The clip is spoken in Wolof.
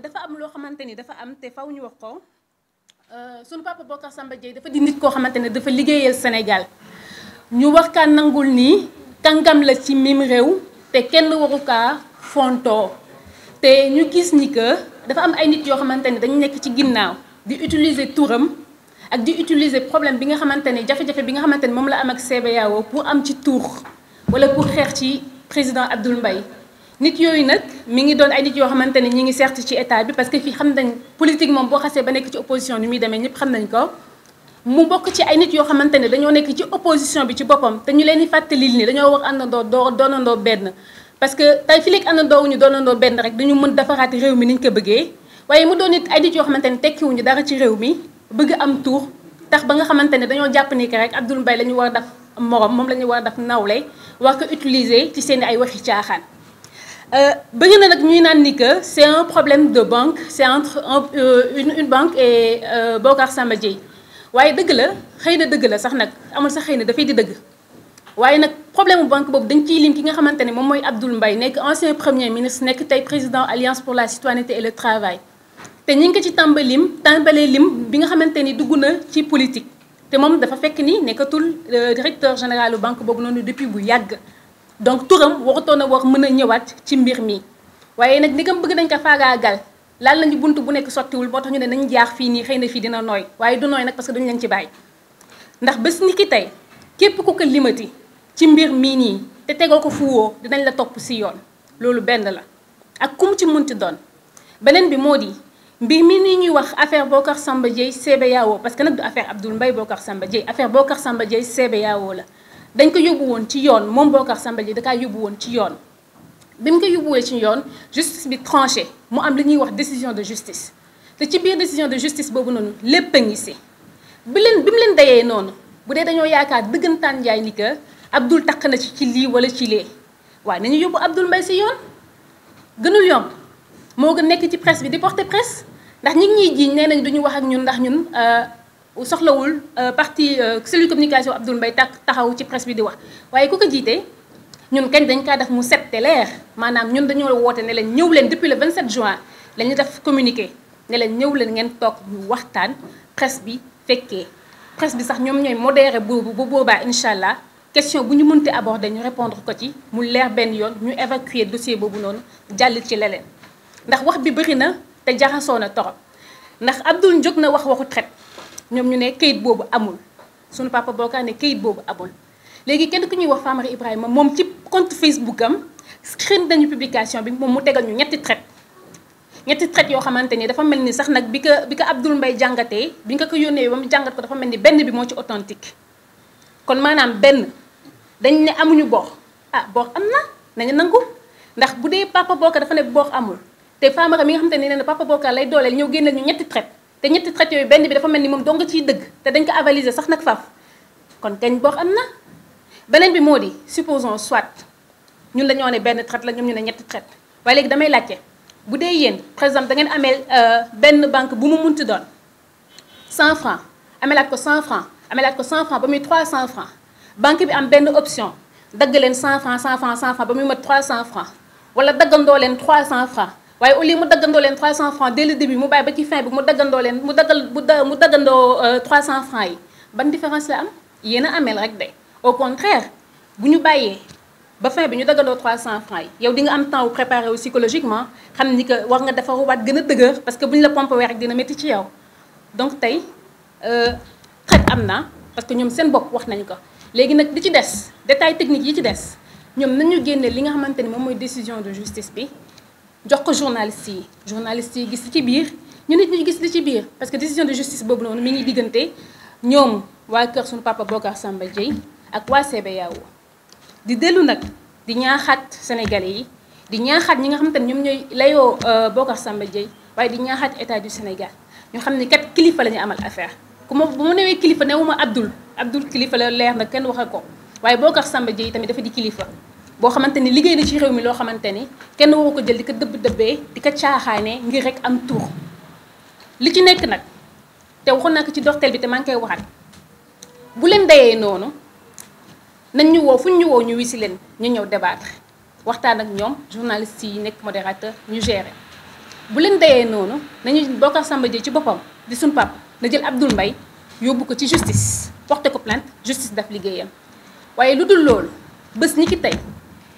dafa am loo xamante ni dafa am te faw ñu wax ko euh, sunu papa bokka Samba Dièye dafa di nit koo xamante ne dafa liggéeyal Sénégal ñu wax kaa nangul nii kàngam la ci mim réew te kenn waru kaa fontoo te ñu gis ni que dafa am ay nit yoo xamante ne dañu nekk ci ginnaaw di utiliser turam ak di utiliser problème bi nga xamante ne jafe-jafe bi nga xamante ne moom la am ak CBAO pour am ci tuur wala pour xeex ci président Abdoul Mbaye nit yooyu nag mu ngi doon ay nit yoo xamante ne ñi ngi certes ci état bi parce que fii xam nañ politique moom boo xasee ba nekk ci opposition ni muy demee ñëpp xam nañ ko mu bokk ci ay nit yoo xamante ne dañoo nekk ci opposition bi ci boppam te ñu leen di fàttalil ni dañoo wax àndandoo doo doonandoo benn parce que tey fi léegi àndandoo wuñu doonandoo benn rek dañu mën defaraat réew mi ni ñu ko bëggee waaye mu doon nit ay nit yoo xamante ne tekkiwuñu dara ci réew mi bëgg am tuur tax ba nga xamante ne dañoo jàpp ni que rek Abdoul Mbaye la ñu war a def morom moom la war a def nawle war ko utiliser ci seen i ay waxi caaxaan ba ngeen ne nag ñuy naan ni que c' un problème de banque c'est entre euh, une une banque et euh, Bocar Samba Dièye waaye dëgg la xëy na dëgg la sax nag amul sax xëy na dafay di dëgg waaye nag problème bu banque boobu dañ ciy lim ki nga xamante ne moom mooy Abdoul Mbaye nekk ancien premier ministre nekk tey président alliance pour la citoyenneté et le travail te ñu ngi ko ci tàmbalim tàmbalee lim bi nga xamante ni dugg na ci politique te moom dafa fekk ni nekkatul euh, directeur général banque boobu noonu depuis bu yàgg. donc turam waxutoon a wax mën a ñëwaat ci mbir mi waaye nag ndigam bëgg nañ ko faagaagal laal ñu bunt bu nekk sottiwul boo tax ñu ne nañu jaax fii nii xëy na fii dina nooy waaye du nooy nag parce que duñu leen ci bàyyi ndax bés ni ki tey képp ku ko limati ci mbir mii nii te tegoo ko fu woo dinañ la topp si yoon loolu benn la ak ku mu ci munti doon beneen bi moo di mbir mii nii ñuy wax affaire Bocar Samba Dièye CBAO parce que nag du affaire Abdoul Mbaye Bocar Samba Dièye affaire Bocar Samba Dièye CBAO la dañ ko yobou won ci yoon mom Bocar Sambal yi da ka yobou won ci yoon bim ko yobou ci yoon justice bi tranché mu am li ñuy wax décision de justice te ci biir décision de justice bobu noonu lepp ngi ci bi leen bim mu leen dayee noonu bu dee dañoo yaakaar dëggantaan njaay ni que Abdoul taq na ci ci li wala ci lé wa nañu yobou abdul Mbaye ci yoon gënul yom mo gën nekk ci presse bi di porter presse ndax ñi ngi ñuy jiiñ duñu wax ak ñun ndax ñun euh soxlawul euh, parti euh, communication Abdoul Mbaye tak taxaw ci presse bi di wax waye ku ko jiite ñun kèn dañ ka def mu set te leer maanaam ñun dañu woote né leen ñëw leen depuis le 27 juin lañu ñu def communiqué ne leen ñëw leen ngén tok ñu waxtaan presse bi féké presse bi sax ñom ñoy modéré boobu bu boobaa incha question bu ñu mënte aborder ñu répondre ko ci mu lèr ben yoon ñu évacuer dossier boobu non jallit ci leneen ndax wax bi bëri na te jaxasoo na torop ndax Abdoul jóg na wax waxu traite ñoom ñu ne kayit boobu amul sunu papa Bocar ne kayit boobu amul léegi kenn ku ñuy wax faamari Ibrahima moom ci compte Facebook am screen dañu publication bi moom mu tegal ñu ñetti traite ñetti traite yoo xamante ni dafa mel ni sax nag bi ko bi ko Abdoul mbay jàngatee bi nga ko yónnee ba mu jàngat ko dafa mel ni benn bi moo ci authentique kon maanaam benn dañ ne amuñu bor ah bor am na nañu nangu ndax bu dee papa Bocar dafa ne bor amul te Famara mi nga xamante ne nee na papa Bocar lay dooleel ñëw ñu ñetti traite te ñetti traite yooyu benn bi dafa mel ni moom dong nga ciy dëgg te dañ ko avaliser sax nag faaf kon gañ boo am na bi moo supposons soit ñun la ñoo ne benn traite la ñoom ñu ne ñetti traite waaye léegi damay laajte bu dee yéen par exemple da ngeen amee euh, benn banque bu mu munti doon 100 francs amelaat ko 100 francs amelaat ko 100 francs ba muy 300 francs banque bi am benn option dagg leen 100 francs 100 francs 100 francs ba muy 300 francs wala daggandoo leen 300 francs waaye au lieu mu daggandoo 300 francs dès le début mu bàyyi ba ci fin bi mu daggandoo mu daggal mu 300 euh, francs yi ban différence la am en a un rek réglé. au contraire bu ñu bàyyee ba fin bi ñu daggandoo 300 francs yi yow di nga am temps wu préparer wu psychologiquement xam ni que war nga de gën a dëgër parce que bu ñu la pompé wee rek dina métti ci yow donc tey euh, xet amna, parce que nous seen bopp wax nañ ko léegi nag li ci des détail technique yi ci des ñoom nañu génne li nga décision de justice bi jox ko journaliste yi journaliste yi gis li ci biir ñu nit ñuy gis li ci biir parce que décision de justice boobu noonu mi ngi diggante ñoom waa kër suñu papa Bocar Samba Dièye ak waa CBAO di dellu nag di ñaaxaat sénégalais yi di ñaaxaat ñi nga xam te ne ñoom ñooy layoo euh, Bocar Samba Dièye waaye di ñaaxaat état du Sénégal ñu xam ne kat kilifa la ñu amal affaire ku ma bu ma newee kilifa newuma Abdoul Abdoul kilifa la leer na kenn waxal ko waaye Bocar Samba Dièye tamit dafa di kilifa boo xamante ni liggéey na ci réew mi loo xamante ni kenn waru ko jël di ko dëbb dëbbee di ko caaxaanee ngir rek am tour li ci nekk nag te waxu naa ko ci doxteel bi te maa ngi koy waxaat bu leen dayee noonu nañ ñu woo fu ñu woo ñu leen ñu ñëw débattre waxtaan ak ñoom journaliste yi nekk modérateur ñu bu leen dayee noonu nañu Bocar Samba Dièye ci boppam di suñ pap na jël Abdoul mbay yóbbu ko ci justice porté ko plainte justice daf liggéeyam waaye lu dul loolu bés ñi ki tey